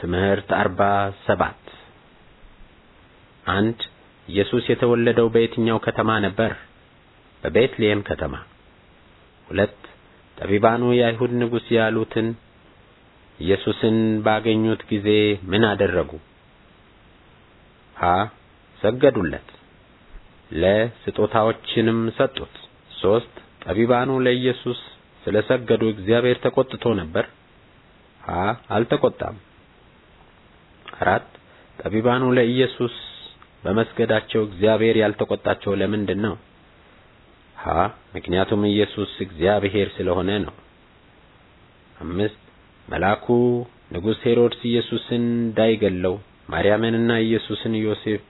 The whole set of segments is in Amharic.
ትምህርት አርባ ሰባት አንድ ኢየሱስ የተወለደው በየትኛው ከተማ ነበር? በቤትልሔም ከተማ። ሁለት ጠቢባኑ የአይሁድ ንጉሥ ያሉትን ኢየሱስን ባገኙት ጊዜ ምን አደረጉ? ሀ ሰገዱለት፣ ለ ስጦታዎችንም ሰጡት። ሶስት ጠቢባኑ ለኢየሱስ ስለ ሰገዱ እግዚአብሔር ተቆጥቶ ነበር? ሀ አልተቆጣም። አራት ጠቢባኑ ለኢየሱስ በመስገዳቸው እግዚአብሔር ያልተቆጣቸው ለምንድን ነው? ሀ ምክንያቱም ኢየሱስ እግዚአብሔር ስለሆነ ነው። አምስት መልአኩ ንጉሥ ሄሮድስ ኢየሱስን እንዳይገለው ማርያምንና ኢየሱስን ዮሴፍ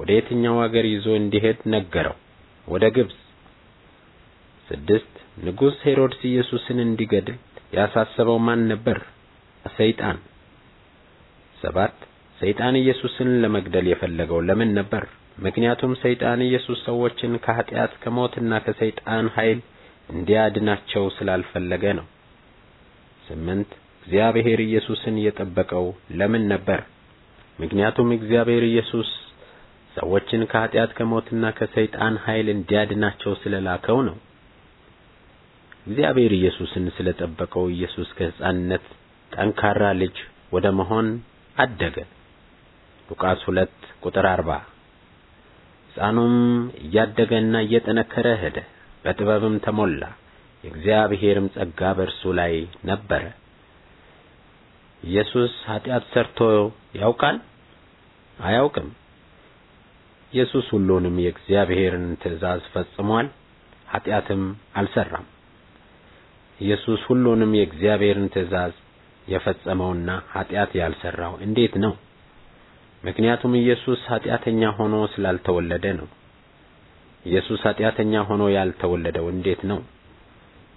ወደ የትኛው አገር ይዞ እንዲሄድ ነገረው? ወደ ግብጽ። ስድስት ንጉሥ ሄሮድስ ኢየሱስን እንዲገድል ያሳሰበው ማን ነበር? ሰይጣን። ሰባት ሰይጣን ኢየሱስን ለመግደል የፈለገው ለምን ነበር? ምክንያቱም ሰይጣን ኢየሱስ ሰዎችን ከኃጢአት ከሞትና ከሰይጣን ኃይል እንዲያድናቸው ስላልፈለገ ነው። ስምንት እግዚአብሔር ኢየሱስን የጠበቀው ለምን ነበር? ምክንያቱም እግዚአብሔር ኢየሱስ ሰዎችን ከኃጢአት ከሞትና ከሰይጣን ኃይል እንዲያድናቸው ስለላከው ነው። እግዚአብሔር ኢየሱስን ስለጠበቀው ኢየሱስ ከሕፃንነት ጠንካራ ልጅ ወደ መሆን አደገ። ሉቃስ 2 ቁጥር 40 ሕፃኑም እያደገና እየጠነከረ ሄደ፣ በጥበብም ተሞላ፣ የእግዚአብሔርም ጸጋ በእርሱ ላይ ነበረ። ኢየሱስ ኃጢአት ሰርቶ ያውቃል? አያውቅም። ኢየሱስ ሁሉንም የእግዚአብሔርን ትእዛዝ ፈጽሟል፣ ኃጢአትም አልሰራም። ኢየሱስ ሁሉንም የእግዚአብሔርን ትእዛዝ የፈጸመውና ኃጢአት ያልሰራው እንዴት ነው? ምክንያቱም ኢየሱስ ኃጢአተኛ ሆኖ ስላልተወለደ ነው። ኢየሱስ ኃጢአተኛ ሆኖ ያልተወለደው እንዴት ነው?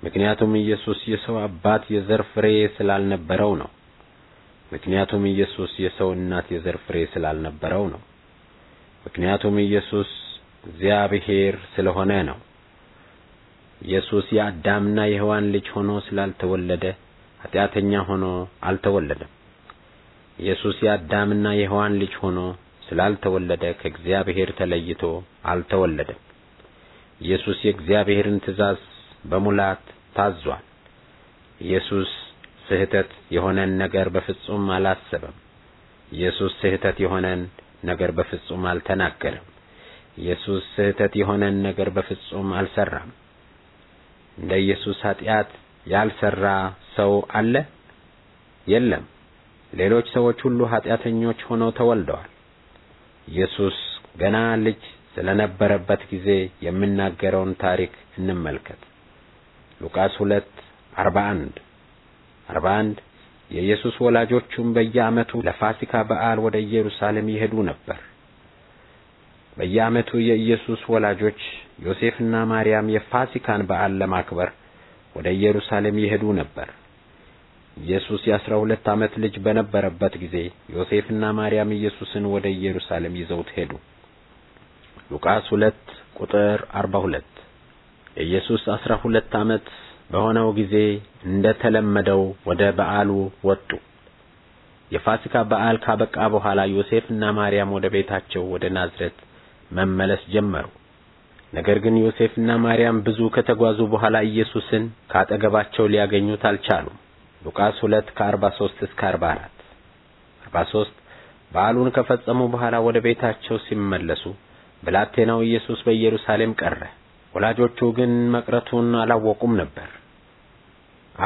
ምክንያቱም ኢየሱስ የሰው አባት የዘር ፍሬ ስላልነበረው ነው። ምክንያቱም ኢየሱስ የሰው እናት የዘር ፍሬ ስላልነበረው ነው። ምክንያቱም ኢየሱስ እግዚአብሔር ስለሆነ ነው። ኢየሱስ የአዳምና የሔዋን ልጅ ሆኖ ስላልተወለደ ኃጢአተኛ ሆኖ አልተወለደም። ኢየሱስ የአዳምና የሔዋን ልጅ ሆኖ ስላልተወለደ ከእግዚአብሔር ተለይቶ አልተወለደም። ኢየሱስ የእግዚአብሔርን ትእዛዝ በሙላት ታዟል። ኢየሱስ ስህተት የሆነን ነገር በፍጹም አላሰበም። ኢየሱስ ስህተት የሆነን ነገር በፍጹም አልተናገረም። ኢየሱስ ስህተት የሆነን ነገር በፍጹም አልሰራም። እንደ ኢየሱስ ኃጢአት ያልሰራ ሰው አለ? የለም። ሌሎች ሰዎች ሁሉ ኃጢአተኞች ሆነው ተወልደዋል። ኢየሱስ ገና ልጅ ስለነበረበት ጊዜ የሚናገረውን ታሪክ እንመልከት። ሉቃስ 2:41 41 የኢየሱስ ወላጆቹም በየዓመቱ ለፋሲካ በዓል ወደ ኢየሩሳሌም ይሄዱ ነበር። በየዓመቱ የኢየሱስ ወላጆች ዮሴፍና ማርያም የፋሲካን በዓል ለማክበር ወደ ኢየሩሳሌም ይሄዱ ነበር። ኢየሱስ የአስራ ሁለት ዓመት ልጅ በነበረበት ጊዜ ዮሴፍና ማርያም ኢየሱስን ወደ ኢየሩሳሌም ይዘውት ሄዱ። ሉቃስ 2 ቁጥር 42 ኢየሱስ አስራ ሁለት ዓመት በሆነው ጊዜ እንደተለመደው ወደ በዓሉ ወጡ። የፋሲካ በዓል ካበቃ በኋላ ዮሴፍና ማርያም ወደ ቤታቸው ወደ ናዝሬት መመለስ ጀመሩ። ነገር ግን ዮሴፍና ማርያም ብዙ ከተጓዙ በኋላ ኢየሱስን ካጠገባቸው ሊያገኙት አልቻሉም። ሉቃስ 2 ከ43 እስከ 44 43 በዓሉን ከፈጸሙ በኋላ ወደ ቤታቸው ሲመለሱ ብላቴናው ኢየሱስ በኢየሩሳሌም ቀረ። ወላጆቹ ግን መቅረቱን አላወቁም ነበር።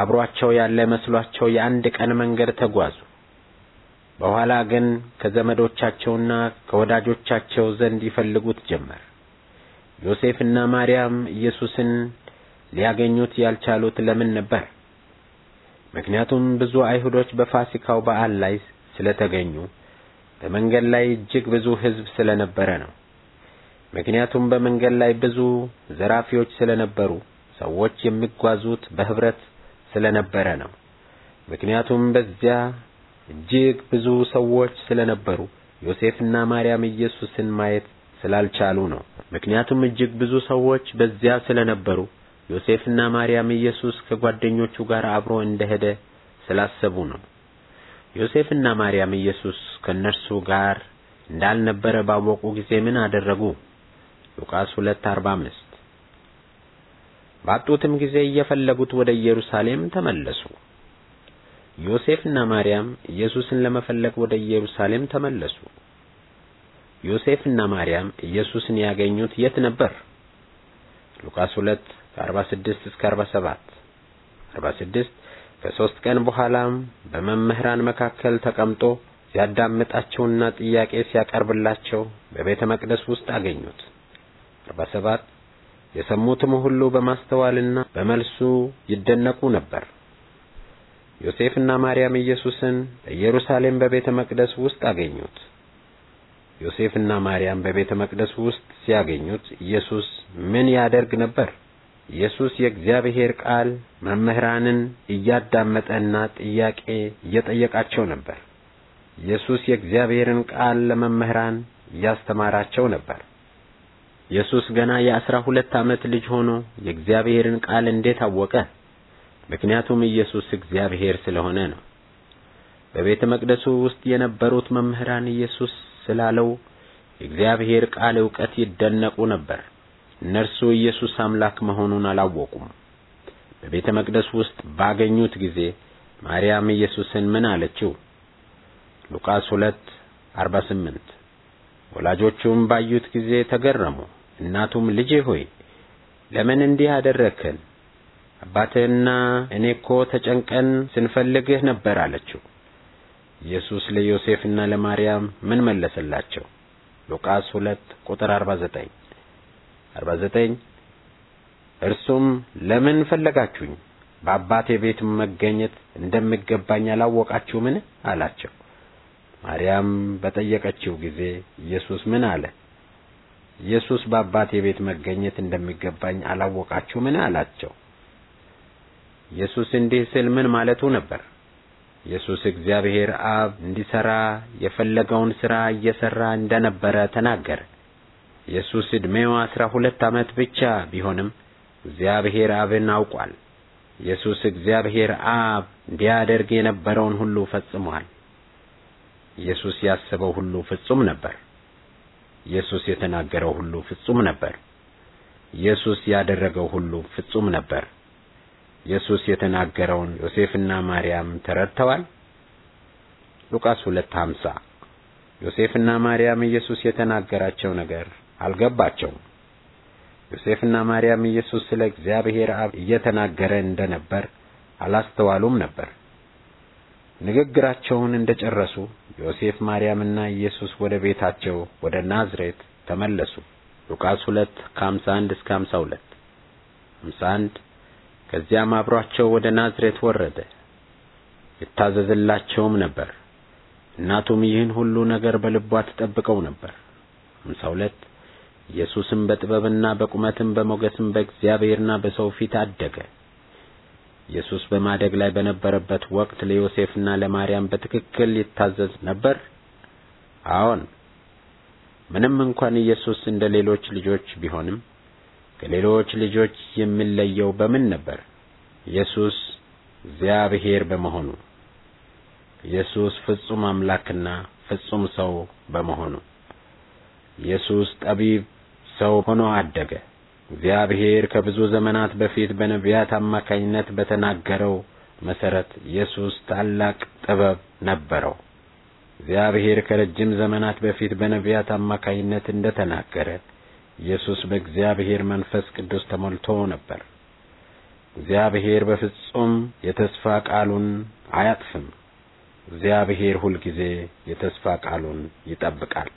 አብሯቸው ያለ መስሏቸው የአንድ ቀን መንገድ ተጓዙ። በኋላ ግን ከዘመዶቻቸውና ከወዳጆቻቸው ዘንድ ይፈልጉት ጀመር። ዮሴፍና ማርያም ኢየሱስን ሊያገኙት ያልቻሉት ለምን ነበር? ምክንያቱም ብዙ አይሁዶች በፋሲካው በዓል ላይ ስለተገኙ በመንገድ ላይ እጅግ ብዙ ሕዝብ ስለነበረ ነው። ምክንያቱም በመንገድ ላይ ብዙ ዘራፊዎች ስለነበሩ ሰዎች የሚጓዙት በህብረት ስለነበረ ነው። ምክንያቱም በዚያ እጅግ ብዙ ሰዎች ስለነበሩ ዮሴፍና ማርያም ኢየሱስን ማየት ስላልቻሉ ነው። ምክንያቱም እጅግ ብዙ ሰዎች በዚያ ስለነበሩ ዮሴፍና ማርያም ኢየሱስ ከጓደኞቹ ጋር አብሮ እንደሄደ ስላሰቡ ነው። ዮሴፍና ማርያም ኢየሱስ ከእነርሱ ጋር እንዳልነበረ ባወቁ ጊዜ ምን አደረጉ? ሉቃስ 2:45 ባጡትም ጊዜ እየፈለጉት ወደ ኢየሩሳሌም ተመለሱ። ዮሴፍና ማርያም ኢየሱስን ለመፈለግ ወደ ኢየሩሳሌም ተመለሱ። ዮሴፍና ማርያም ኢየሱስን ያገኙት የት ነበር? ሉቃስ 2 46 እስከ 47 46 ከሶስት ቀን በኋላም በመምህራን መካከል ተቀምጦ ሲያዳምጣቸውና ጥያቄ ሲያቀርብላቸው በቤተ መቅደስ ውስጥ አገኙት። 47 የሰሙትም ሁሉ በማስተዋልና በመልሱ ይደነቁ ነበር። ዮሴፍና ማርያም ኢየሱስን በኢየሩሳሌም በቤተ መቅደስ ውስጥ አገኙት። ዮሴፍና ማርያም በቤተ መቅደስ ውስጥ ሲያገኙት ኢየሱስ ምን ያደርግ ነበር? ኢየሱስ የእግዚአብሔር ቃል መምህራንን እያዳመጠና ጥያቄ እየጠየቃቸው ነበር። ኢየሱስ የእግዚአብሔርን ቃል ለመምህራን እያስተማራቸው ነበር። ኢየሱስ ገና የአስራ ሁለት ዓመት ልጅ ሆኖ የእግዚአብሔርን ቃል እንዴት አወቀ? ምክንያቱም ኢየሱስ እግዚአብሔር ስለሆነ ነው። በቤተ መቅደሱ ውስጥ የነበሩት መምህራን ኢየሱስ ስላለው የእግዚአብሔር ቃል ዕውቀት ይደነቁ ነበር። እነርሱ ኢየሱስ አምላክ መሆኑን አላወቁም። በቤተ መቅደስ ውስጥ ባገኙት ጊዜ ማርያም ኢየሱስን ምን አለችው? ሉቃስ 48 ወላጆቹም ባዩት ጊዜ ተገረሙ። እናቱም ልጄ ሆይ ለምን እንዲህ አደረግህን? አባትህና እኔ እኮ ተጨንቀን ስንፈልግህ ነበር አለችው። ኢየሱስ ለዮሴፍና ለማርያም ምን መለሰላቸው? ሉቃስ 2 ቁጥር 49 49 እርሱም ለምን ፈለጋችሁኝ? በአባቴ ቤት መገኘት እንደሚገባኝ አላወቃችሁምን? አላቸው። ማርያም በጠየቀችው ጊዜ ኢየሱስ ምን አለ? ኢየሱስ በአባቴ ቤት መገኘት እንደሚገባኝ አላወቃችሁምን? አላቸው። ኢየሱስ እንዲህ ሲል ምን ማለቱ ነበር? ኢየሱስ እግዚአብሔር አብ እንዲሰራ የፈለገውን ሥራ እየሰራ እንደነበረ ተናገረ። ኢየሱስ ዕድሜው አስራ ሁለት ዓመት ብቻ ቢሆንም እግዚአብሔር አብን አውቋል። ኢየሱስ እግዚአብሔር አብ እንዲያደርግ የነበረውን ሁሉ ፈጽሟል። ኢየሱስ ያሰበው ሁሉ ፍጹም ነበር። ኢየሱስ የተናገረው ሁሉ ፍጹም ነበር። ኢየሱስ ያደረገው ሁሉ ፍጹም ነበር። ኢየሱስ የተናገረውን ዮሴፍና ማርያም ተረድተዋል? ሉቃስ 2:50 ዮሴፍና ማርያም ኢየሱስ የተናገራቸው ነገር አልገባቸውም። ዮሴፍና ማርያም ኢየሱስ ስለ እግዚአብሔር አብ እየተናገረ እንደነበር አላስተዋሉም ነበር። ንግግራቸውን እንደጨረሱ ዮሴፍ፣ ማርያምና ኢየሱስ ወደ ቤታቸው ወደ ናዝሬት ተመለሱ። ሉቃስ 2 ከ51 እስከ 52 51 ከዚያም አብሯቸው ወደ ናዝሬት ወረደ፣ ይታዘዝላቸውም ነበር። እናቱም ይህን ሁሉ ነገር በልቧ ትጠብቀው ነበር። ሃምሳ ሁለት ኢየሱስም በጥበብና በቁመትም በሞገስም በእግዚአብሔርና በሰው ፊት አደገ። ኢየሱስ በማደግ ላይ በነበረበት ወቅት ለዮሴፍና ለማርያም በትክክል ይታዘዝ ነበር። አዎን፣ ምንም እንኳን ኢየሱስ እንደ ሌሎች ልጆች ቢሆንም ከሌሎች ልጆች የሚለየው በምን ነበር? ኢየሱስ እግዚአብሔር በመሆኑ ኢየሱስ ፍጹም አምላክና ፍጹም ሰው በመሆኑ ኢየሱስ ጠቢብ ሰው ሆኖ አደገ። እግዚአብሔር ከብዙ ዘመናት በፊት በነቢያት አማካኝነት በተናገረው መሰረት ኢየሱስ ታላቅ ጥበብ ነበረው። እግዚአብሔር ከረጅም ዘመናት በፊት በነቢያት አማካኝነት እንደተናገረ ኢየሱስ በእግዚአብሔር መንፈስ ቅዱስ ተሞልቶ ነበር። እግዚአብሔር በፍጹም የተስፋ ቃሉን አያጥፍም። እግዚአብሔር ሁልጊዜ የተስፋ ቃሉን ይጠብቃል።